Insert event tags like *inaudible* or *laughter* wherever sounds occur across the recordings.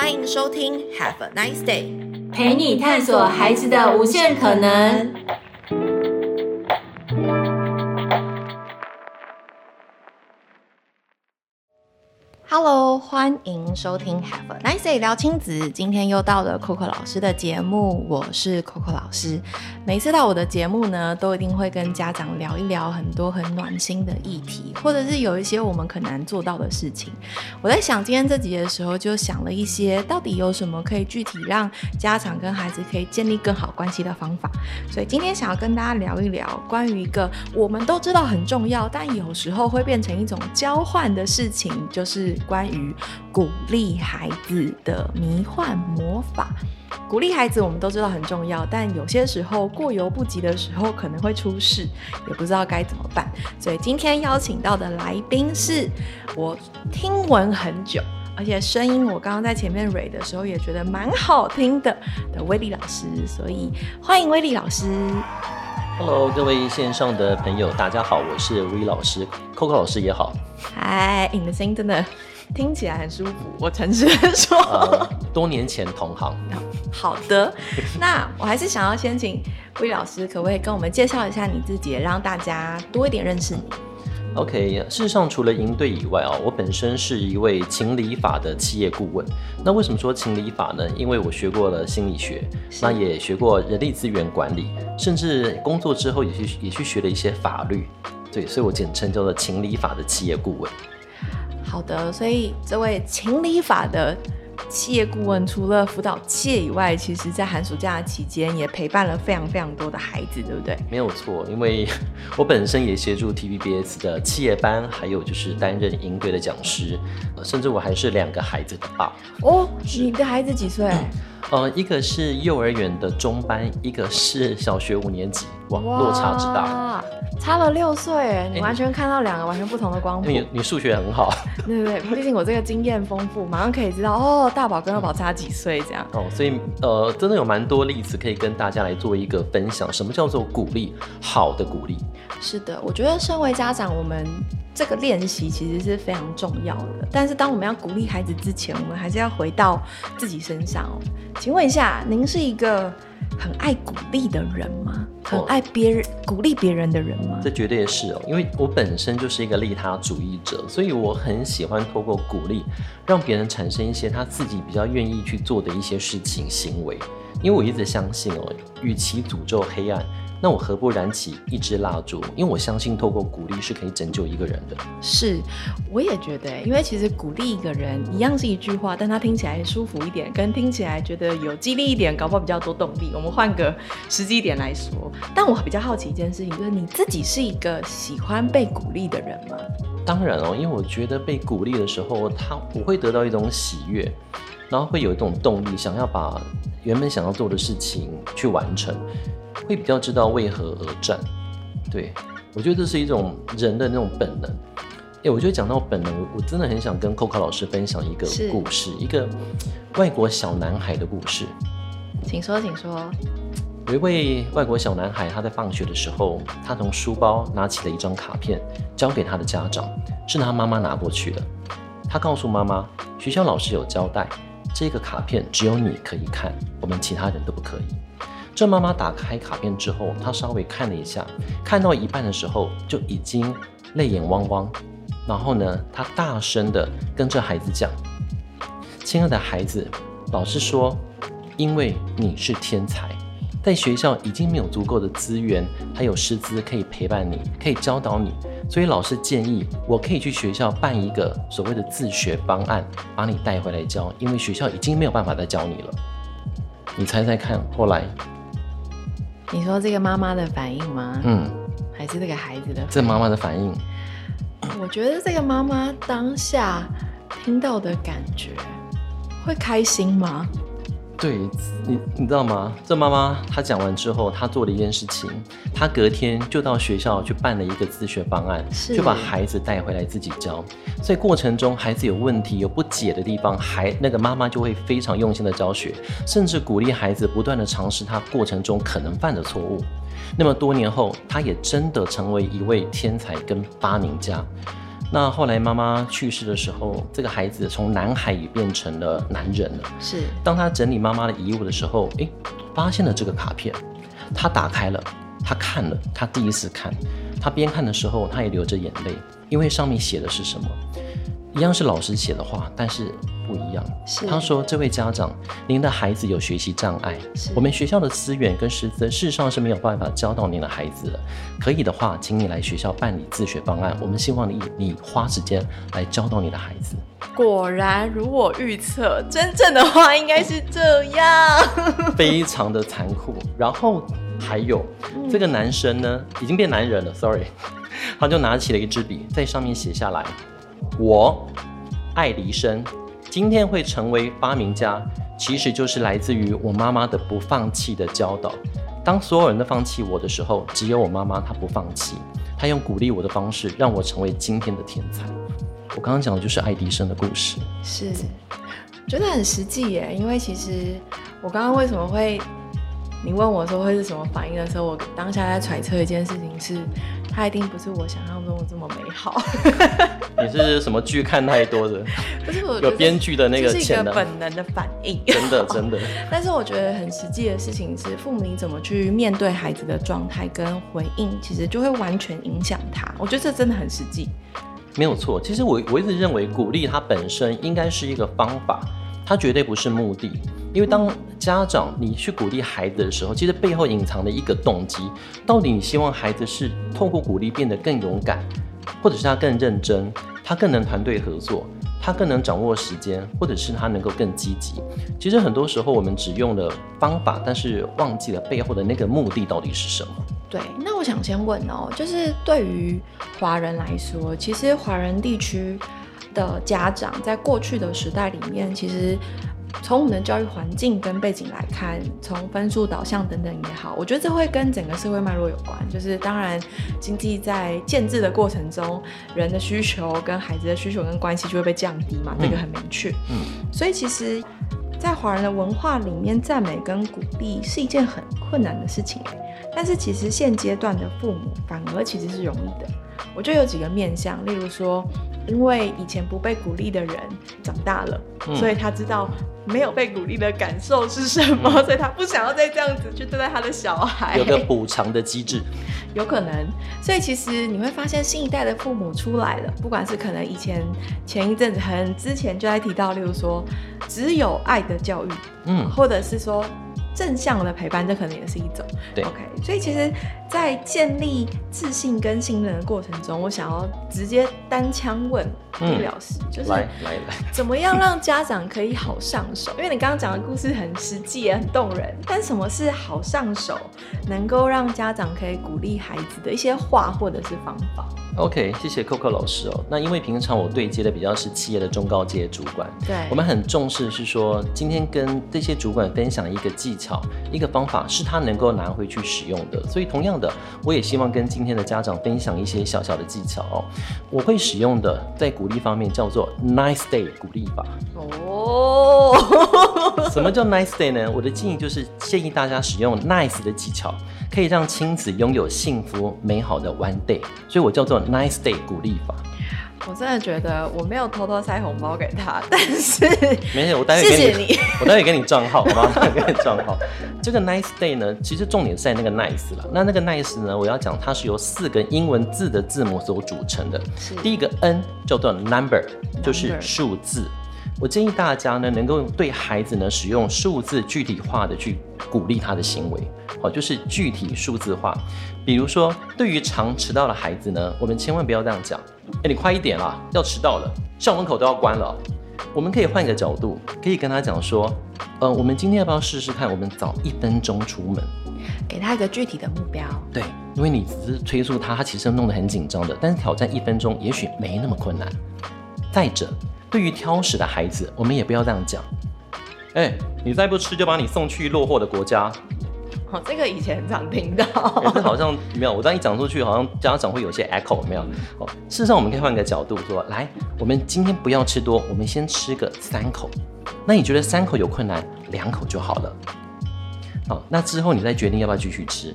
歡迎收聽，Have a nice day，陪你探索孩子的無限可能。歡迎收聽 Have a Nice day, 聊親子，今天又到了 Coco 老師的節目，我是 Coco 老師。每次到我的節目呢，都一定會跟家長聊一聊很多很暖心的議題，或者是有一些我們很難做到的事情。我在想今天這集的時候，就想了一些到底有什麼可以具體讓家長跟孩子可以建立更好關係的方法。所以今天想要跟大家聊一聊關於一個我們都知道很重要，但有時候會變成一種交換的事情，就是關於。鼓勵孩子的迷幻魔法，鼓勵孩子，我們都知道很重要，但有些時候過猶不及的時候可能會出事，也不知道該怎麼辦。所以今天邀請到的來賓是我聽聞很久，而且聲音我剛剛在前面 read 的時候也覺得蠻好聽的的 Willy 老師，所以歡迎 Willy 老師。Hello，各位線上的朋友，大家好，我是 Willy 老師，Coco 老師也好，Hi，In the Center。聽起來很舒服，我誠實地說。Uh, 多年前同行。 *laughs* 好的，那我還是想要先請威老師，可不可以跟我們介紹一下你自己，讓大家多一點認識你？OK，事實上除了營隊以外啊、哦，我本身是一位情理法的企業顧問。那為什麼說情理法呢？因為我學過了心理學，是那也學過人力資源管理，甚至工作之後也去也去學了一些法律。對，所以我簡稱叫做情理法的企業顧問。好的，所以這位情理法的企業顧問，除了輔導企業以外，其實，在寒暑假期間也陪伴了非常非常多的孩子，對不對？沒有錯，因為我本身也協助 T v B S 的企業班，還有就是擔任英隊的講師、呃，甚至我還是兩個孩子的爸。哦，是你的孩子幾歲、嗯？呃，一個是幼兒園的中班，一個是小學五年級，哇，哇落差之大。差了六歲，你完全看到兩個完全不同的光譜、欸。你你數學很好，對對對，畢竟我這個經驗豐富，馬上可以知道哦，大寶跟二寶差幾歲這樣、嗯。哦，所以呃，真的有蠻多例子可以跟大家來做一個分享，什麼叫做鼓勵？好的鼓勵，是的，我覺得身為家長，我們，這個練習其實是非常重要的，但是當我們要鼓勵孩子之前，我們還是要回到自己身上哦。請問一下，您是一個很愛鼓勵的人嗎？很愛別人、哦、鼓勵別人的人嗎？這絕對也是哦，因為我本身就是一個利他主義者，所以我很喜歡透過鼓勵讓別人產生一些他自己比較願意去做的一些事情、行為。因為我一直相信哦，與其詛咒黑暗。那我何不燃起一支蠟燭？因為我相信，透過鼓勵是可以拯救一個人的。是，我也覺得、欸，因為其實鼓勵一個人一樣是一句話，嗯、但他聽起來舒服一點，跟聽起來覺得有激勵一點，搞不好比較多動力。我們換個實際點來說，但我比較好奇一件事情，就是你自己是一個喜歡被鼓勵的人嗎？當然哦、喔，因為我覺得被鼓勵的時候，他我會得到一種喜悅，然後會有一種動力，想要把。原本想要做的事情去完成，會比較知道為何而戰。對，我覺得這是一種人的那種本能。哎、欸，我覺得講到本能，我真的很想跟扣扣老師分享一個故事，是一個外國小男孩的故事。請說，請說。有一位外國小男孩，他在放學的時候，他從書包拿起了一張卡片，交給他的家長，是他媽媽拿過去的。他告訴媽媽，學校老師有交代。這個卡片只有你可以看，我們其他人都不可以。這媽媽打開卡片之後，她稍微看了一下，看到一半的時候就已經淚眼汪汪。然後呢，她大聲的跟這孩子講：“親愛的孩子，老師說，因為你是天才。”在學校已經沒有足夠的資源，還有師資可以陪伴你，可以教導你，所以老師建議我可以去學校辦一個所謂的自學方案，把你帶回來教，因為學校已經沒有辦法再教你了。你猜猜看，後來你說這個媽媽的反應嗎？嗯，還是這個孩子的？這媽媽的反應，我覺得這個媽媽當下聽到的感覺會開心嗎？對你，你知道嗎？這媽媽她講完之後，她做了一件事情，她隔天就到學校去辦了一個自學方案，是就把孩子帶回來自己教。所以過程中，孩子有問題、有不解的地方，孩那個媽媽就會非常用心的教學，甚至鼓勵孩子不斷的嘗試他過程中可能犯的錯誤。那麼多年後，他也真的成為一位天才跟發明家。那後來媽媽去世的時候，這個孩子從男孩也變成了男人了。是，當他整理媽媽的遺物的時候，哎，發現了這個卡片，他打開了，他看了，他第一次看，他邊看的時候，他也流着眼淚，因為上面寫的是什麼？一樣是老師寫的話，但是不一樣。是他說：“這位家長，您的孩子有學習障礙，是我們學校的資源跟師資事實上是沒有辦法教導您的孩子。可以的話，請你來學校辦理自學方案。我們希望你你花時間來教導您的孩子。”果然如我預測，真正的話應該是這樣， *laughs* 非常的殘酷。然後還有這個男生呢，已經變男人了。Sorry，他就拿起了一支筆，在上面寫下來。我，愛迪生，今天會成為發明家，其實就是來自於我媽媽的不放棄的教導。當所有人都放棄我的時候，只有我媽媽她不放棄，她用鼓勵我的方式讓我成為今天的天才。我剛剛講的就是愛迪生的故事，是，覺得很實際耶。因為其實我剛剛為什麼會。你問我說會是什麼反應的時候，我當下在揣測一件事情是，它一定不是我想象中的這麼美好。 *laughs* *laughs* 你是，是什麼劇看太多的？ *laughs* 不是我有編劇的那個，是一個本能的反應。真 *laughs* 的真的。真的 *laughs* 但是我覺得很實際的事情是，父母你怎麼去面對孩子的狀態跟回應，其實就會完全影響他。我覺得這真的很實際。沒有錯，其實我我一直認為鼓勵他本身應該是一個方法，它絕對不是目的。因為當家長你去鼓勵孩子的時候，其實背後隱藏的一個動機，到底你希望孩子是透過鼓勵變得更勇敢，或者是他更認真，他更能團隊合作，他更能掌握時間，或者是他能夠更積極。其實很多時候我們只用了方法，但是忘記了背後的那個目的到底是什麼。對，那我想先問哦，就是對於華人來說，其實華人地區的家長在過去的時代裡面，其實。從我們的教育環境跟背景來看，從分數導向等等也好，我覺得這會跟整個社會脈絡有關。就是當然，經濟在建制的過程中，人的需求跟孩子的需求跟關係就會被降低嘛，這個很明確。嗯。嗯。所以其實，在華人的文化裡面，讚美跟鼓勵是一件很困難的事情，欸。但是其實現階段的父母反而其實是容易的。我就有幾個面向，例如說，因為以前不被鼓勵的人長大了，所以他知道。沒有被鼓勵的感受是什麼？嗯，所以他不想要再這樣子去對待他的小孩，有個補償的機制，有可能。所以其實你會發現，新一代的父母出來了，不管是可能以前前一陣子很之前就在提到，例如說只有愛的教育，嗯，或者是說。正向的陪伴，這可能也是一種。對，OK。所以其實，在建立自信跟信任的過程中，我想要直接單槍問易老師，嗯、就是來來來，怎麼樣讓家長可以好上手？ *laughs* 因為你剛剛講的故事很實際也很動人。但什麼是好上手，能夠讓家長可以鼓勵孩子的一些話或者是方法？OK，謝謝扣扣老師哦、喔。那因為平常我對接的比較是企業的中高階主管，對，我們很重視是說今天跟這些主管分享一個技巧。一個方法是他能夠拿回去使用的，所以同樣的，我也希望跟今天的家長分享一些小小的技巧哦、喔。我會使用的在鼓勵方面叫做 Nice Day 鼓勵法。哦、oh， *laughs* 什麼叫 Nice Day 呢？我的建議就是建議大家使用 Nice 的技巧，可以讓親子擁有幸福美好的 One Day，所以我叫做 Nice Day 鼓勵法。我真的覺得我沒有偷偷塞紅包給他，但是沒事，我待會給你，謝謝你，我待會給你帳號，好嗎？給你帳號。 *laughs* 這個 nice day 呢，其實重點是在那個 nice 了。那那個 nice 呢，我要講它是由四個英文字的字母所組成的。是第一個 n 叫做 number，, number 就是數字。我建議大家呢，能夠對孩子呢使用數字具體化的去鼓勵他的行為，好，就是具體數字化。比如說，對於常遲到的孩子呢，我們千萬不要這樣講。哎，你快一點啦，要遲到了，校門口都要關了。我們可以換一個角度，可以跟他講說，嗯、呃，我們今天要不要試試看，我們早一分鐘出門，給他一個具體的目標。對，因為你只是催促他，他其實弄得很緊張的。但是挑戰一分鐘，也許沒那麼困難。再者，對於挑食的孩子，我們也不要這樣講。哎，你再不吃，就把你送去落後的國家。哦，這個以前常聽到， *laughs* 是好像沒有。我剛一講出去，好像家長會有些 echo 沒有、哦。事實上我們可以換一個角度說，來，我們今天不要吃多，我們先吃個三口。那你覺得三口有困難，兩口就好了。好、哦，那之後你再決定要不要繼續吃。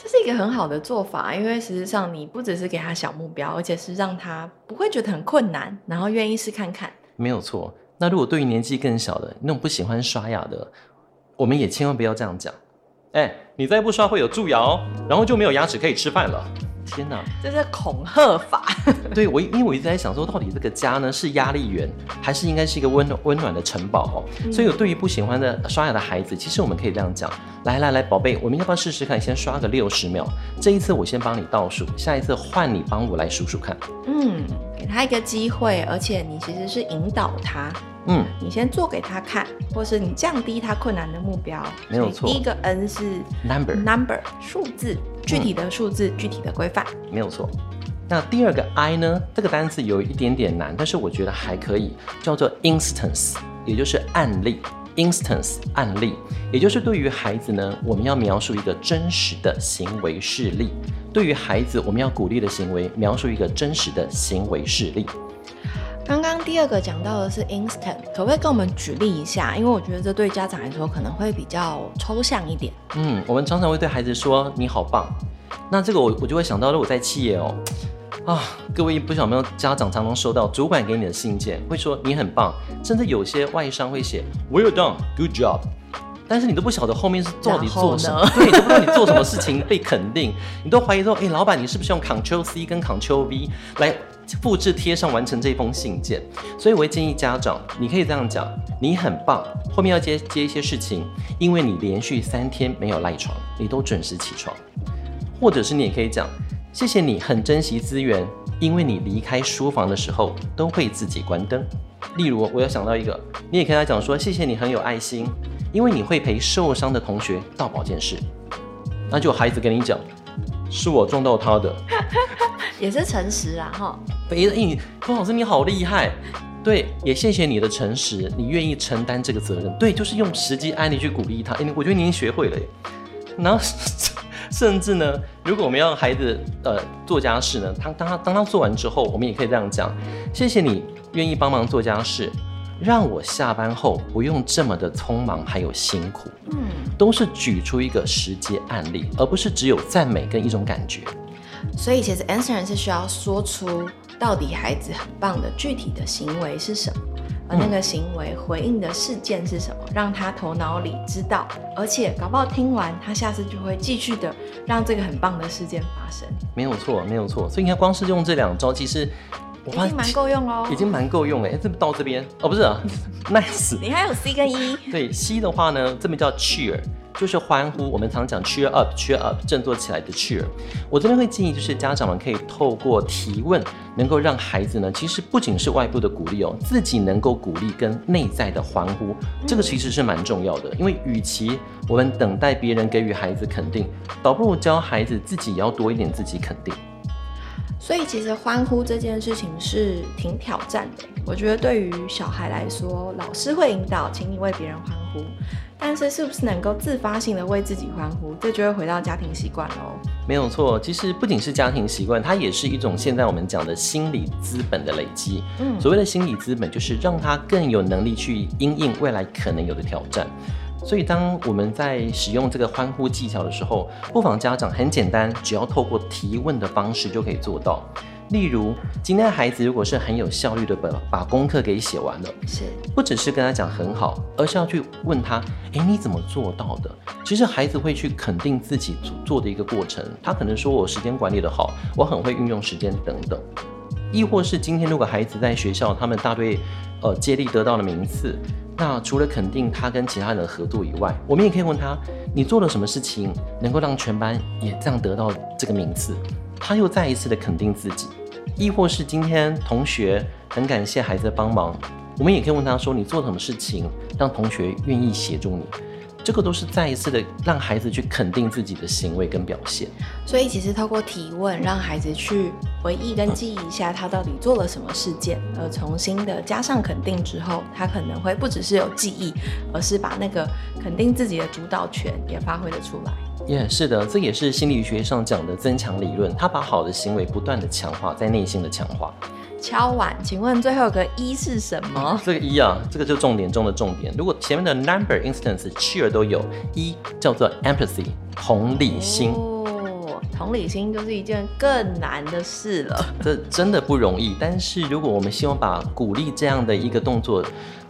這是一個很好的做法，因為事實上你不只是給他小目標，而且是讓他不會覺得很困難，然後願意試看看。沒有錯。那如果對於年紀更小的，那種不喜歡刷牙的，我們也千萬不要這樣講。哎、欸，你再不刷會有蛀牙哦，然後就沒有牙齒可以吃飯了。天哪，這是恐嚇法。 *laughs* 對，我，因為我一直在想，說到底這個家呢，是壓力源，還是應該是一個溫溫暖的城堡喔？哦、嗯，所以有對於不喜歡的刷牙的孩子，其實我們可以這樣講，來來來，寶貝，我們要不要試試看，先刷個六十秒？這一次我先幫你倒數，下一次換你幫我來數數看。嗯，給他一個機會，而且你其實是引導他。嗯，你先做給他看，或是你降低他困難的目標，沒有錯。第一個 N 是 number, number number 數字。具體的數字，嗯、具體的規範，沒有錯。那第二個 I 呢？這個單詞有一點點難，但是我覺得還可以叫做 instance，也就是案例。instance 案例，也就是對於孩子呢，我們要描述一個真實的行為事例。對於孩子，我們要鼓勵的行為，描述一個真實的行為事例。剛剛第二個講到的是 instant，可不可以跟我們舉例一下？因為我覺得這對家長來說可能會比較抽象一點。嗯，我們常常會對孩子說，你好棒，那這個我我就會想到了我在企業哦，啊，各位不曉得沒有？家長常常收到主管給你的信件，會說你很棒，甚至有些外商會寫 well done，good job，但是你都不曉得後面是到底做什麼，對，都不知道你做什麼事情被肯定， *laughs* 你都懷疑說，哎、欸，老闆你是不是用 control C 跟 control V 來？複製貼上完成這封信件，所以我會建議家長，你可以這樣講，你很棒，後面要接接一些事情，因為你連續三天沒有賴床，你都準時起床，或者是你也可以講，謝謝你很珍惜資源，因為你離開書房的時候都會自己關燈。例如，我要想到一個，你也跟他講說，謝謝你很有愛心，因為你會陪受傷的同學到保健室，那就孩子跟你講。是我撞到他的，也是誠實啊哈！哎、老師你好厲害，對，也謝謝你的誠實，你願意承擔這個責任，對，就是用實際案例去鼓勵他。哎、我覺得你已經學會了，然後甚至呢，如果我們要孩子呃做家事呢，他當他當他做完之後，我們也可以這樣講，謝謝你願意幫忙做家事。讓我下班後不用這麼的匆忙，還有辛苦。嗯，都是舉出一個實際案例，而不是只有讚美跟一種感覺。所以其實 answer 是需要說出到底孩子很棒的具體的行為是什麼，而那個行為回應的事件是什麼，嗯、讓他頭腦裡知道，而且搞不好聽完他下次就會繼續的讓這個很棒的事件發生。沒有錯，沒有錯。所以你看，光是用這兩招，其實。哇已經蠻夠用哦，已經蠻夠用哎、欸，這到這邊哦，喔、不是啊 *laughs* ，nice。你還有 C 跟 E。對 C 的話呢，這邊叫 cheer，就是歡呼。我們常講 cheer up，cheer up，cheer up，振作起來的 cheer。我這邊會建議就是家長們可以透過提問，能夠讓孩子呢，其實不僅是外部的鼓勵哦、喔，自己能夠鼓勵跟內在的歡呼，這個其實是蠻重要的。因為與其我們等待別人給予孩子肯定，倒不如教孩子自己也要多一點自己肯定。所以其實歡呼這件事情是挺挑戰的。我覺得對於小孩來說，老師會引導，請你為別人歡呼，但是是不是能夠自發性的為自己歡呼，這就會回到家庭習慣嘍。沒有錯，其實不僅是家庭習慣，它也是一種現在我們講的心理資本的累積。嗯，所謂的心理資本，就是讓他更有能力去因應未來可能有的挑戰。所以，當我們在使用這個歡呼技巧的時候，不妨家長很簡單，只要透過提問的方式就可以做到。例如，今天孩子如果是很有效率的把把功課給寫完了，是，不只是跟他講很好，而是要去問他，哎、欸，你怎麼做到的？其實孩子會去肯定自己做的一個過程，他可能說我時間管理得好，我很會運用時間等等。亦或是今天，如果孩子在學校，他們大隊呃、接力得到了名次，那除了肯定他跟其他人的合作以外，我們也可以問他：你做了什麼事情能夠讓全班也這樣得到這個名次？他又再一次的肯定自己。亦或是今天同學很感謝孩子的幫忙，我們也可以問他說：你做了什麼事情讓同學願意協助你？這個都是再一次的讓孩子去肯定自己的行為跟表現，所以其實透過提問，讓孩子去回憶跟記憶一下他到底做了什麼事件，嗯、而重新的加上肯定之後，他可能會不只是有記憶，而是把那個肯定自己的主導權也發揮了出來。也、yeah, 是的，這也是心理學上講的增強理論，他把好的行為不斷的強化，在內心的強化。敲碗，請問最後一個一是什麼？嗯、這個一啊，這個就是重點中的重點。如果前面的 number、instance、cheer 都有，一叫做 empathy 同理心。哦，同理心就是一件更難的事了。這真的不容易， *laughs* 但是如果我們希望把鼓勵這樣的一個動作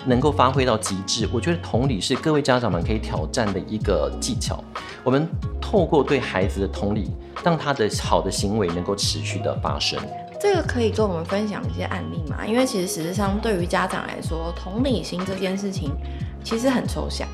能夠發揮到極致，我覺得同理是各位家長們可以挑戰的一個技巧。我們透過對孩子的同理，讓他的好的行為能夠持續的發生。這個可以跟我們分享一些案例嗎？因為其實實質上，對於家長來說，同理心這件事情其實很抽象。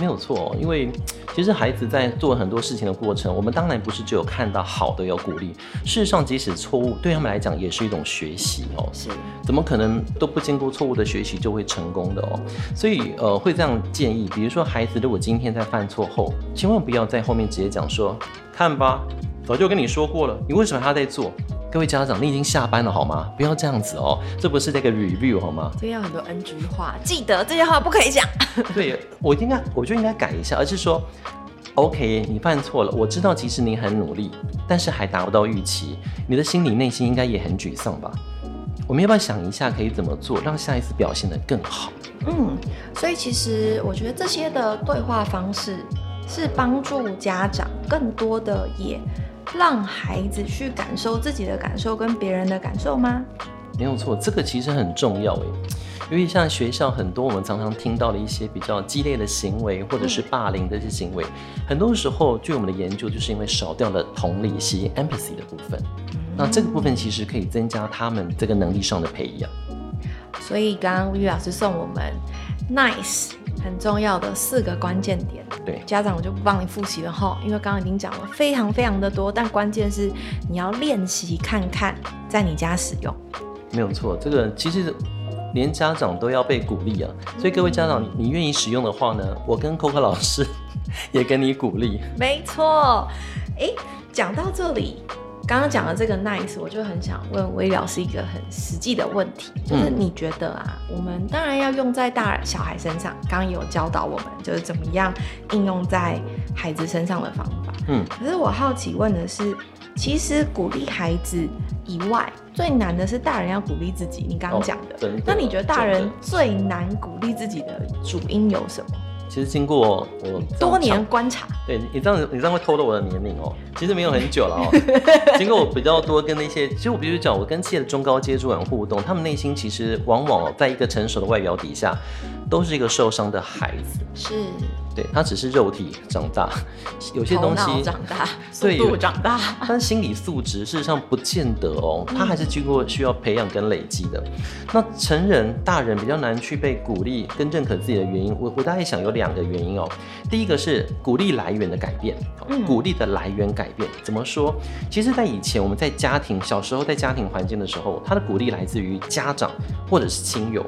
沒有錯，因為其實孩子在做很多事情的過程，我們當然不是只有看到好的要鼓勵。事實上，即使錯誤對他們來講也是一種學習哦。是，怎麼可能都不經過錯誤的學習就會成功的哦？所以呃，會這樣建議，比如說孩子如果今天在犯錯後，千萬不要在後面直接講說：“看吧，早就跟你說過了，你為什麼還要在做？”各位家長，你已經下班了好嗎？不要這樣子哦、喔，這不是那個 review 好嗎？這要很多 NG 話，記得這些話不可以講。 *laughs* 對，我應該，我就應該改一下，而是說，OK，你犯錯了，我知道其實你很努力，但是還達不到預期，你的心理內心應該也很沮喪吧？我們要不要想一下，可以怎麼做，讓下一次表現得更好？嗯，所以其實我覺得這些的對話方式是幫助家長更多的也。讓孩子去感受自己的感受跟別人的感受嗎？沒有錯，這個其實很重要誒，因為像學校很多我們常常聽到的一些比較激烈的行為，或者是霸凌的一些行為，嗯、很多時候據我們的研究，就是因為少掉了同理心 （empathy） 的部分。嗯、那這個部分其實可以增加他們這個能力上的培養。所以剛剛 Willy 老師送我們 NICE。很重要的四個關鍵點。對，家長我就不幫你複習了哈，因為剛剛已經講了非常非常的多，但關鍵是你要練習看看，在你家使用。沒有錯，這個其實連家長都要被鼓勵啊。所以各位家長，你願意使用的話呢，我跟扣扣老師也給你鼓勵。沒錯，哎、欸，講到這裡。剛剛講的這個 NICE，我就很想問，威老師一個很實際的問題，就是你覺得啊，嗯、我們當然要用在大小孩身上，剛剛有教導我們就是怎麼樣應用在孩子身上的方法。嗯，可是我好奇問的是，其實鼓勵孩子以外，最難的是大人要鼓勵自己。你剛剛講的，哦、對對對，那你覺得大人最難鼓勵自己的主因有什麼？其實經過我多年觀察，對你這樣子，你這樣會透露我的年齡哦、喔。其實沒有很久了，喔， *laughs* 經過我比較多跟那些，其實我比如講，我跟企業的中高階主管互動，他們內心其實往往在一個成熟的外表底下，都是一個受傷的孩子。是。對他只是肉體長大，有些東西長大，對，長大，對但心理素質事實上不見得哦，他、嗯、還是經過需要培養跟累積的。那成人大人比較難去被鼓勵跟認可自己的原因，我我大概想有兩個原因哦。第一個是鼓勵來源的改變，嗯、鼓勵的來源改變怎麼說？其實，在以前我們在家庭小時候在家庭環境的時候，他的鼓勵來自於家長或者是親友。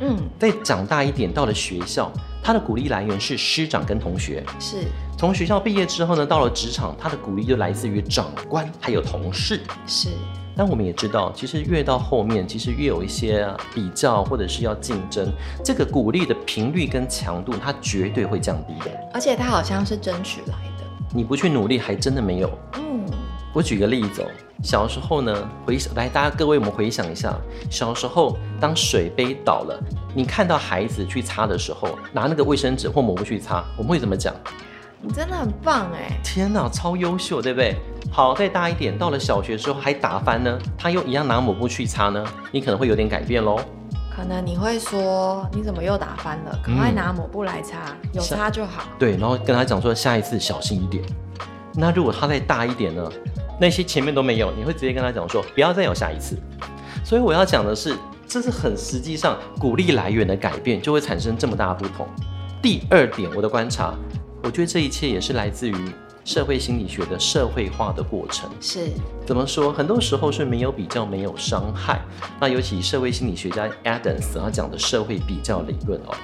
嗯，再長大一點到了學校。他的鼓勵來源是師長跟同學，是。從學校畢業之後呢，到了職場，他的鼓勵就來自於長官還有同事，是。但我們也知道，其實越到後面，其實越有一些啊，比較或者是要競爭，這個鼓勵的頻率跟強度，它絕對會降低的。而且他好像是爭取來的，你不去努力，還真的沒有。嗯，我舉個例子哦。小時候呢，回來大家各位，我們回想一下，小時候當水杯倒了，你看到孩子去擦的時候，拿那個衛生紙或抹布去擦，我們會怎麼講？你真的很棒哎、欸！天哪，超優秀，對不對？好，再大一點，到了小學之後還打翻呢，他又一樣拿抹布去擦呢，你可能會有點改變嘍。可能你會說，你怎麼又打翻了？趕快拿抹布來擦，嗯、有擦就好。對，然後跟他講說，下一次小心一點。那如果他再大一點呢？那些前面都沒有，你會直接跟他講說，不要再有下一次。所以我要講的是，這是很實際上鼓勵來源的改變，就會產生這麼大的不同。第二點，我的觀察，我覺得這一切也是來自於社會心理學的社會化的過程。是。怎麼說？很多時候是沒有比較，沒有傷害。那尤其社會心理學家 Adams 他講的社會比較理論哦。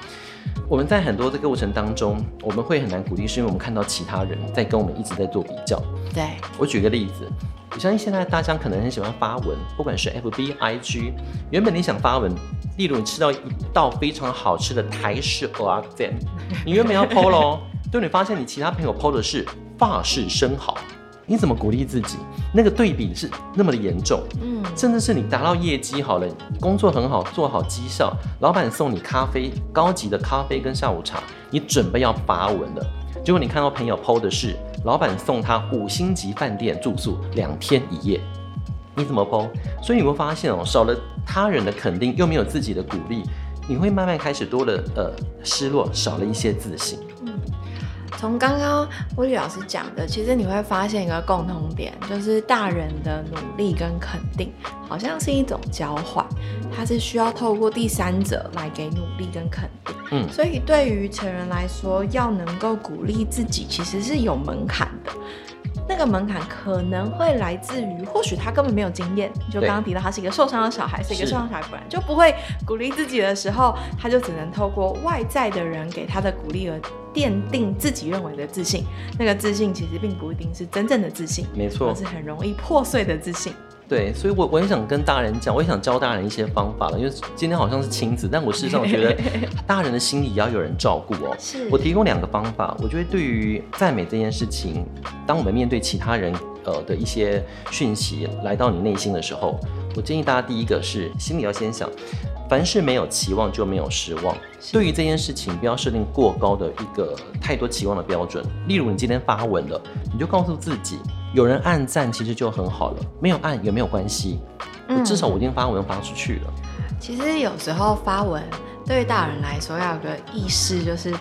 我們在很多這個過程當中，我們會很難鼓勵，是因為我們看到其他人在跟我們一直在做比較。對，我舉個例子，我相信現在大家可能很喜歡發文，不管是 FB、IG。原本你想發文，例如你吃到一道非常好吃的台式鵝肝，你原本要 PO 嘍， *laughs* 就你發現你其他朋友 PO 的是法式生蠔。你怎麼鼓勵自己？那個對比是那麼的嚴重，嗯，甚至是你達到業績好了，工作很好，做好績效，老闆送你咖啡，高級的咖啡跟下午茶，你準備要發文了。結果你看到朋友 PO 的是，老闆送他五星級飯店住宿兩天一夜，你怎麼 PO？所以你會發現哦、喔，少了他人的肯定，又沒有自己的鼓勵，你會慢慢開始多了呃失落，少了一些自信。從剛剛 Willy 老師講的，其實你會發現一個共同點，就是大人的努力跟肯定，好像是一種交換，它是需要透過第三者來給努力跟肯定。嗯，所以對於成人來說，要能夠鼓勵自己，其實是有門檻的。那個門檻可能會來自於，或許他根本沒有經驗，就剛剛提到他是一個受傷的小孩，是一個受傷小孩，不然是就不會鼓勵自己的時候，他就只能透過外在的人給他的鼓勵而。奠定自己認為的自信，那個自信其實並不一定是真正的自信，沒錯，是很容易破碎的自信。對，所以我，我我也想跟大人講，我也想教大人一些方法了，因為今天好像是親子，但我事實上我覺得，大人的心裡也要有人照顧哦。是，我提供兩個方法，我覺得對於讚美這件事情，當我們面對其他人呃的一些訊息來到你內心的時候，我建議大家第一個是心裡要先想。凡事沒有期望就沒有失望。是對於這件事情，不要設定過高的一個太多期望的標準。例如，你今天發文了，你就告訴自己，有人按讚其實就很好了，沒有按也沒有關係。至少我已經發文發出去了。嗯，其實有時候發文對於大人來說，要有個意識，就是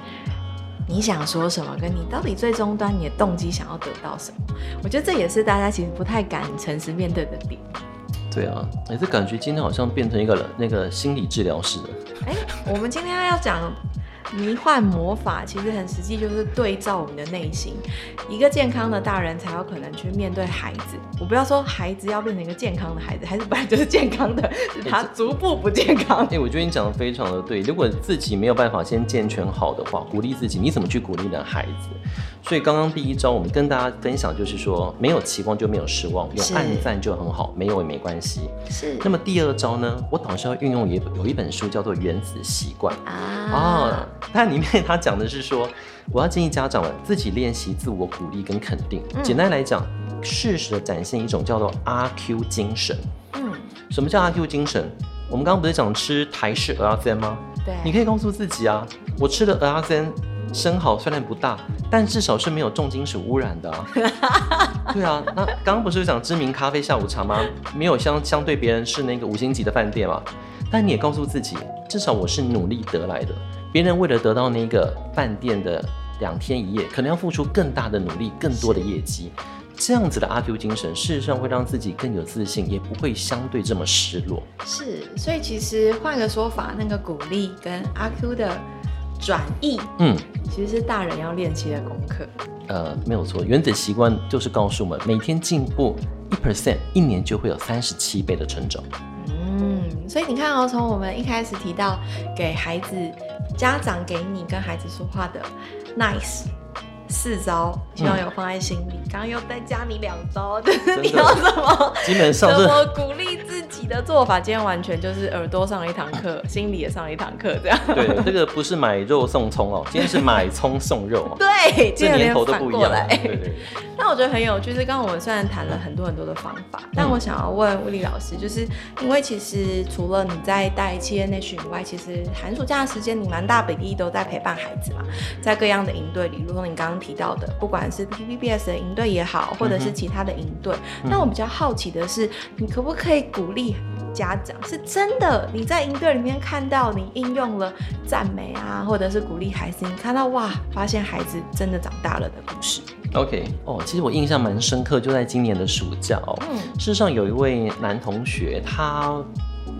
你想說什麼，跟你到底最終端你的動機想要得到什麼。我覺得這也是大家其實不太敢誠實面對的點。對啊，哎，這感覺今天好像變成一個那個心理治療似的。哎，我們今天要講迷幻魔法，其實很實際，就是對照我們的內心。一個健康的大人才有可能去面對孩子。我不要說孩子要變成一個健康的孩子，孩子本來就是健康的，他逐步不健康。哎，我覺得你講的非常的對。如果自己沒有辦法先健全好的話，鼓勵自己，你怎麼去鼓勵呢？孩子？所以剛剛第一招，我們跟大家分享，就是說，沒有期望就沒有失望，有按讚，就很好，沒有也沒關係。是。那麼第二招呢，我倒是要運用一有一本書叫做《原子習慣》啊。哦、啊。但裡面他講的是說，我要建議家長自己練習自我鼓勵跟肯定。簡單來講，適時的展現一種叫做阿 Q 精神。嗯。什麼叫阿 Q 精神？我們剛剛不是講吃台式蚵仔煎嗎？對。你可以告訴自己啊，我吃的蚵仔煎。生蠔雖然不大，但至少是沒有重金屬污染的啊，對啊，那剛剛不是有講知名咖啡下午茶嗎？沒有相相對別人是那個五星級的飯店嘛？但你也告訴自己，至少我是努力得來的。別人為了得到那個飯店的兩天一夜，可能要付出更大的努力，更多的業績。是這樣子的阿 Q 精神，事實上會讓自己更有自信，也不會相對這麼失落。是，所以其實換個說法，那個鼓勵跟阿 Q 的。轉移，轉，嗯，其實是大人要練習的功課。呃，沒有錯，原子習慣就是告訴我們，每天進步一 percent，一年就會有三十七倍的成長。嗯，所以你看哦，從我們一開始提到給孩子，家長給你跟孩子說話的 nice。四招，希望有放在心裡。剛剛、嗯、又再加你兩招，對、就是，的你要什麼？基本上、就是鼓勵自己的做法。今天完全就是耳朵上一堂課，啊、心裡也上一堂課，這樣。對，這個不是買肉送蔥哦、喔，對今天是買蔥送肉、喔。對，這年頭都不一樣。那我覺得很有趣，是剛剛我們雖然談了很多很多的方法，嗯、但我想要問 Willy 老師，就是因為其實除了你在帶七年級以外，其實寒暑假的時間你蠻大比例都在陪伴孩子嘛，在各樣的營隊裡，如果你剛剛提。到的，不管是 TVBS 的營隊也好，或者是其他的營隊，嗯、哼那我比較好奇的是，你可不可以鼓勵家長？是真的，你在營隊裡面看到你應用了讚美啊，或者是鼓勵孩子，你看到哇，發現孩子真的長大了的故事。OK，哦、oh，其實我印象蠻深刻，就在今年的暑假，嗯，事實上有一位男同學，他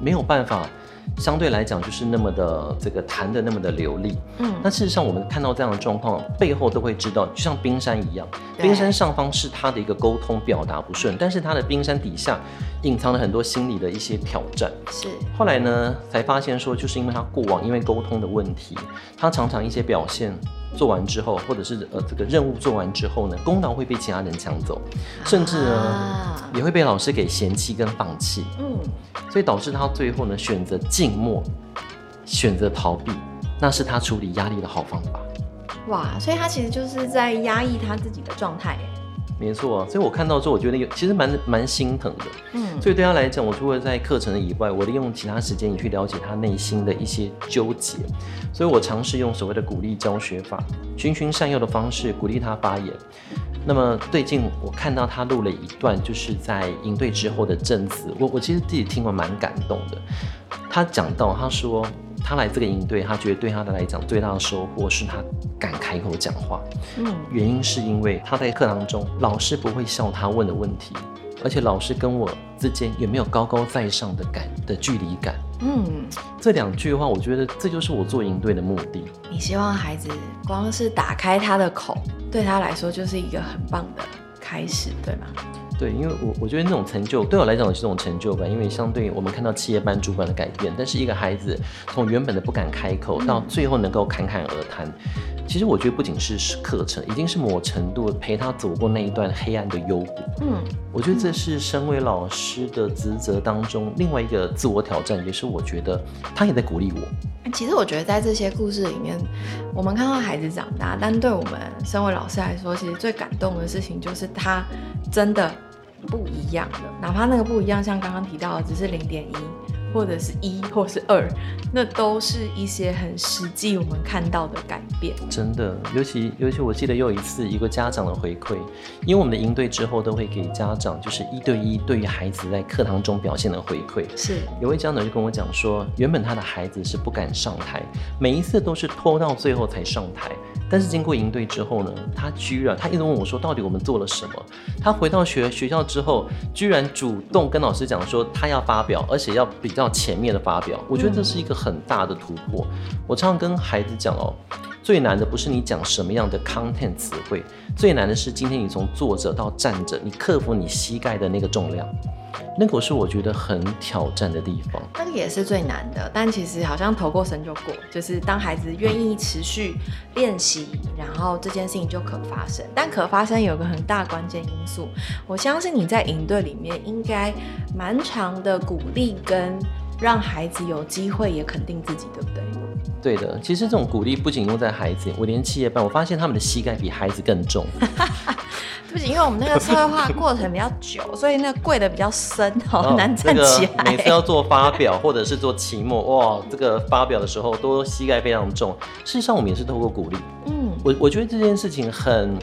沒有辦法。相對來講，就是那麼的這個談得那麼的流利，嗯，那事實上我們看到這樣的狀況背後都會知道，就像冰山一樣，冰山上方是他的一個溝通表達不順，對但是他的冰山底下隱藏了很多心理的一些挑戰。是，後來呢才發現說，就是因為他過往因為溝通的問題，他常常一些表現。做完之後，或者是呃這個任務做完之後呢，功勞會被其他人搶走，甚至呢、啊、也會被老師給嫌棄跟放棄，嗯，所以導致他最後呢選擇靜默，選擇逃避，那是他處理壓力的好方法。哇，所以他其實就是在壓抑他自己的狀態耶。沒錯，所以我看到之後，我覺得有其實蠻蠻心疼的。嗯，所以對他來講，我除了在課程以外，我利用其他時間也去了解他內心的一些糾結。所以我嘗試用所謂的鼓勵教學法，循循善誘的方式鼓勵他發言。那麼最近我看到他錄了一段，就是在營隊之後的證詞，我我其實自己聽完蠻感動的。他講到，他說他來這個營隊，他覺得對他的來講最大的收穫是他敢開口講話。嗯，原因是因為他在課堂中，老師不會笑他問的問題，而且老師跟我之間也沒有高高在上的感的距離感。嗯，這兩句話，我覺得這就是我做營隊的目的。你希望孩子光是打開他的口，對他來說就是一個很棒的開始，對嗎？對，因為我我覺得那種成就，對我來講也是種成就感。因為相對我們看到企業班主管的改變，但是一個孩子從原本的不敢開口，到最後能夠侃侃而談。嗯其實我覺得不僅是課程，已經是某程度陪他走過那一段黑暗的幽谷。嗯，我覺得這是身為老師的職責當中另外一個自我挑戰，也是我覺得他也在鼓勵我。其實我覺得在這些故事裡面，我們看到孩子長大，但對我們身為老師來說，其實最感動的事情就是他真的不一樣了。哪怕那個不一樣，像剛剛提到的，只是零點一。或者是一，或是二，那都是一些很實際我們看到的改變。真的，尤其尤其我記得有一次一個家長的回饋，因為我們的營隊之後都會給家長就是一對一對於孩子在課堂中表現的回饋。是，有位家長就跟我講說，原本他的孩子是不敢上台，每一次都是拖到最後才上台。但是經過營隊之後呢，他居然，他一直問我說，到底我們做了什麼？他回到學學校之後，居然主動跟老師講說，他要發表，而且要比較前面的發表。我覺得這是一個很大的突破。我常常跟孩子講哦，最難的不是你講什麼樣的 content 詞彙，最難的是今天你從坐着到站着，你克服你膝蓋的那個重量。那個是我覺得很挑戰的地方，那個也是最難的。但其實好像投過身就過，就是當孩子願意持續練習，然後這件事情就可發生。但可發生有個很大關鍵因素，我相信你在營隊裡面應該蠻長的鼓勵跟，讓孩子有機會也肯定自己，對不對？對的，其實這種鼓勵不僅用在孩子，我連企業班，我發現他們的膝蓋比孩子更重。 *laughs* 對，不僅因為我們那個策劃過程比較久， *laughs* 所以那個跪的比較深，好難站起來。哦那個，每次要做發表或者是做期末，哇，這個發表的時候都膝蓋非常重。事實上，我們也是透過鼓勵。嗯，我我覺得這件事情很。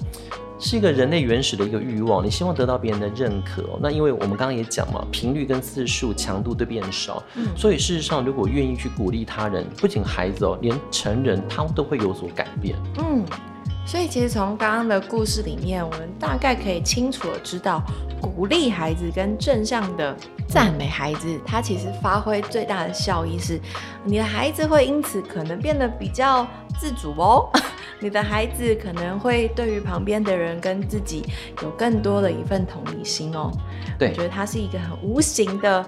是一個人類原始的一個欲望，你希望得到別人的認可，哦。那因為我們剛剛也講嘛，頻率跟次數、強度都變少，嗯，所以事實上，如果願意去鼓勵他人，不僅孩子哦，連成人他都會有所改變。嗯，所以其實從剛剛的故事裡面，我們大概可以清楚的知道，鼓勵孩子跟正向的讚美孩子，他其實發揮最大的效益是，你的孩子會因此可能變得比較自主哦。你的孩子可能會對於旁邊的人跟自己有更多的一份同理心哦。對，我覺得它是一個很無形的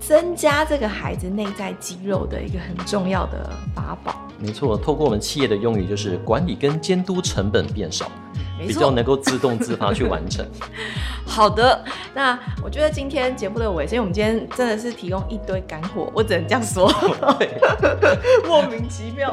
增加這個孩子內在肌肉的一個很重要的法寶。沒錯，透過我們企業的用語就是管理跟監督成本變少。比較能夠自動自發去完成。 *laughs* 好的，那我覺得今天節目的尾聲，我們今天真的是提供一堆乾貨，我只能這樣說。 *laughs* 莫名其妙。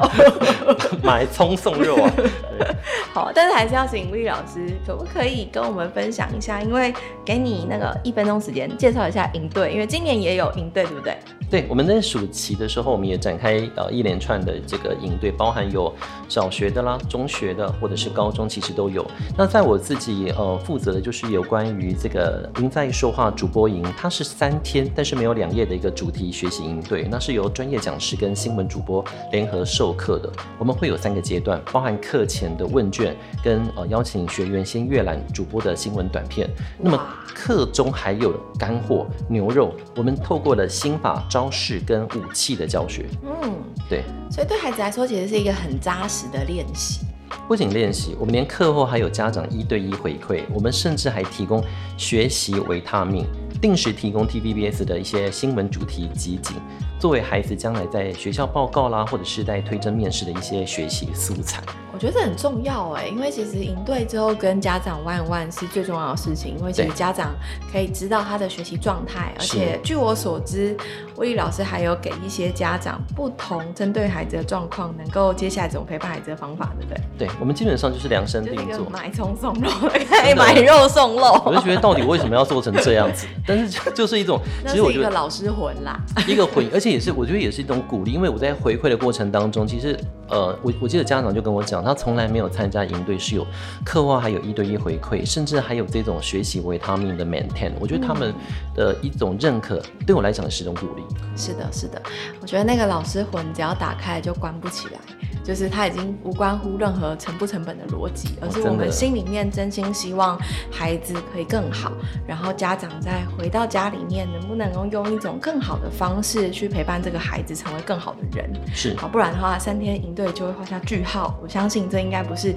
*laughs* 買蔥送肉啊。 *laughs* 好，但是還是要請 Willy 老師，可不可以跟我們分享一下？因為給你那個一分鐘時間，介紹一下營隊，因為今年也有營隊，對不對？對，我們在暑期的時候，我們也展開呃一連串的這個營隊，包含有小學的啦、中學的，或者是高中，嗯、其實都有。有，那在我自己呃、負責的就是有關於這個贏在說話主播營，它是三天，但是沒有兩夜的一個主題學習營，對，那是由專業講師跟新聞主播聯合授課的。我們會有三個階段，包含課前的問卷，跟呃邀請學員先閱覽主播的新聞短片。那麼課中還有乾貨牛肉，我們透過了心法招式跟武器的教學。嗯，對，所以對孩子來說，其實是一個很紮實的練習。不僅練習，我們連課後還有家長一對一回饋，我們甚至還提供學習維他命，定時提供 TVBS 的一些新聞主題集錦，作為孩子將來在學校報告啦，或者是在推甄面試的一些學習素材，我覺得這很重要哎、欸，因為其實營隊之後跟家長 one one 是最重要的事情，因為其實家長可以知道他的學習狀態，對而且是據我所知，Willy 老師還有給一些家長不同針對孩子的狀況，能夠接下來怎麼陪伴孩子的方法，對不對？對，我們基本上就是量身定做，買蔥送，送肉， *laughs* 買肉送肉，的 *laughs* 我就覺得到底為什麼要做成這樣子？ *laughs* 但是就是一種，只 *laughs* 是一個老師魂啦， *laughs* 一個魂，而且。這也是我覺得也是一種鼓勵，因為我在回饋的過程當中，其實呃，我我記得家長就跟我講，他從來沒有參加營隊是有課外還有一對一回饋，甚至還有這種學習維他命的 maintain，嗯，我覺得他們的一種認可對我來講也是一種鼓勵。是的，是的，我覺得那個老師魂只要打開就關不起來。就是他已經無關乎任何成不成本的邏輯，而是我們心裡面真心希望孩子可以更好，然後家長在回到家裡面能不能夠用一種更好的方式去陪伴這個孩子成為更好的人。是，好，不然的話三天營隊就會畫下句號。我相信這應該不是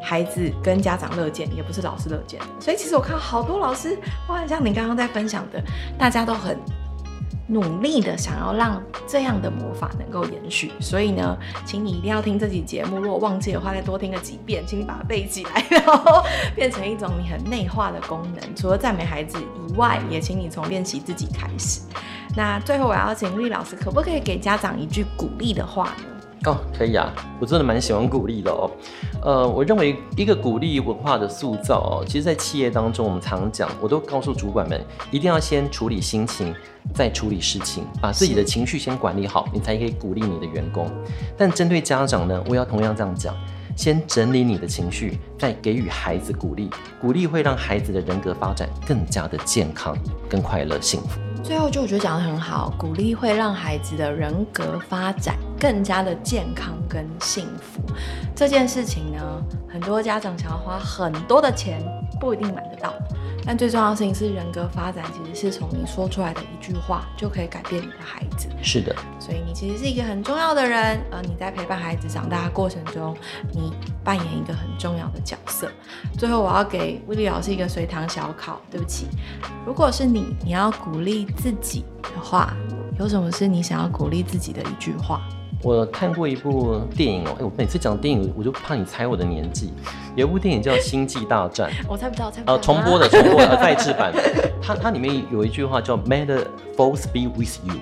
孩子跟家長樂見，也不是老師樂見。所以其實我看好多老師，哇，像你剛剛在分享的，大家都很。努力的想要讓這樣的魔法能夠延續，所以呢，請你一定要聽這期節目。如果忘記的話，再多聽個幾遍，請你把它背起來，然後變成一種你很內化的功能。除了讚美孩子以外，也請你從練習自己開始。那最後，我要請麗老師，可不可以給家長一句鼓勵的話呢？哦，oh, 可以啊，我真的蠻喜歡鼓勵的哦。呃，我認為一個鼓勵文化的塑造，哦，其實，在企業當中，我們常常講，我都告訴主管們，一定要先處理心情，再處理事情，把自己的情緒先管理好，你才可以鼓勵你的員工。但針對家長呢，我要同樣這樣講，先整理你的情緒，再給予孩子鼓勵。鼓勵會讓孩子的人格發展更加的健康、更快樂、幸福。最後就我覺得講得很好，鼓勵會讓孩子的人格發展更加的健康跟幸福。這件事情呢，很多家長想要花很多的錢，不一定買得到。但最重要的事情是人格發展，其實是從你說出來的一句話就可以改變你的孩子。是的，所以你其實是一個很重要的人。呃，你在陪伴孩子長大的過程中，你扮演一個很重要的角色。最後，我要給 Willy 老師一個隨堂小考。對不起，如果是你，你要鼓勵自己的話，有什麼是你想要鼓勵自己的一句話？我看過一部電影哦、喔欸，我每次講電影，我就怕你猜我的年紀。有一部電影叫《星際大戰》，我猜不到，猜不到、呃、重播的重播，的、 *laughs* 呃，外製版。它它裡面有一句話叫 May the Force be with you”，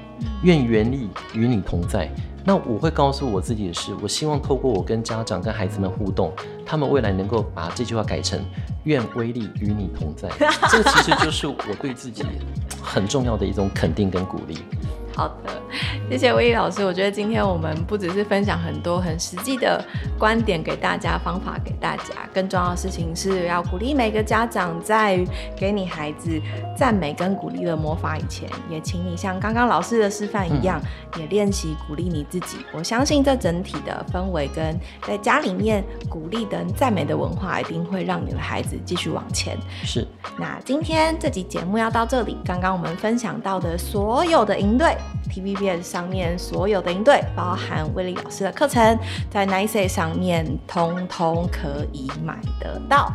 願原力與你同在。那我會告訴我自己的是，我希望透過我跟家長跟孩子們互動，他們未來能夠把這句話改成“願威力與你同在”。這個其實就是我對自己很重要的一種肯定跟鼓勵。好的，謝謝 Willy 老師。我覺得今天我們不只是分享很多很實際的觀點給大家，方法給大家，更重要的事情是要鼓勵每個家長在給你孩子讚美跟鼓勵的魔法以前，也請你像剛剛老師的示範一樣，嗯、也練習鼓勵你自己。我相信這整體的氛圍跟在家裡面鼓勵等讚美的文化，一定會讓你的孩子繼續往前。是。那今天這集節目要到這裡。剛剛我們分享到的所有的營隊。TVBS 上面所有的營隊，包含 Willy 老師的課程，在 Niceday 上面通通可以買得到。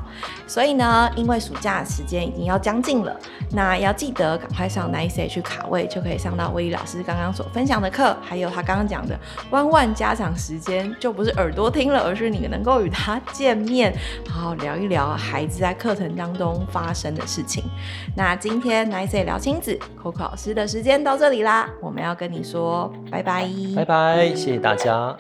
所以呢，因為暑假時間已經要將近了，那要記得趕快上 Niceday 去卡位，就可以上到 Willy 老師剛剛所分享的課，還有他剛剛講的彎彎家長時間，就不是耳朵聽了，而是你能夠與他見面，好好聊一聊孩子在課程當中發生的事情。那今天 Niceday 聊親子扣扣老師的時間到這裡啦。我們要跟你說拜拜，拜拜，嗯、謝謝大家。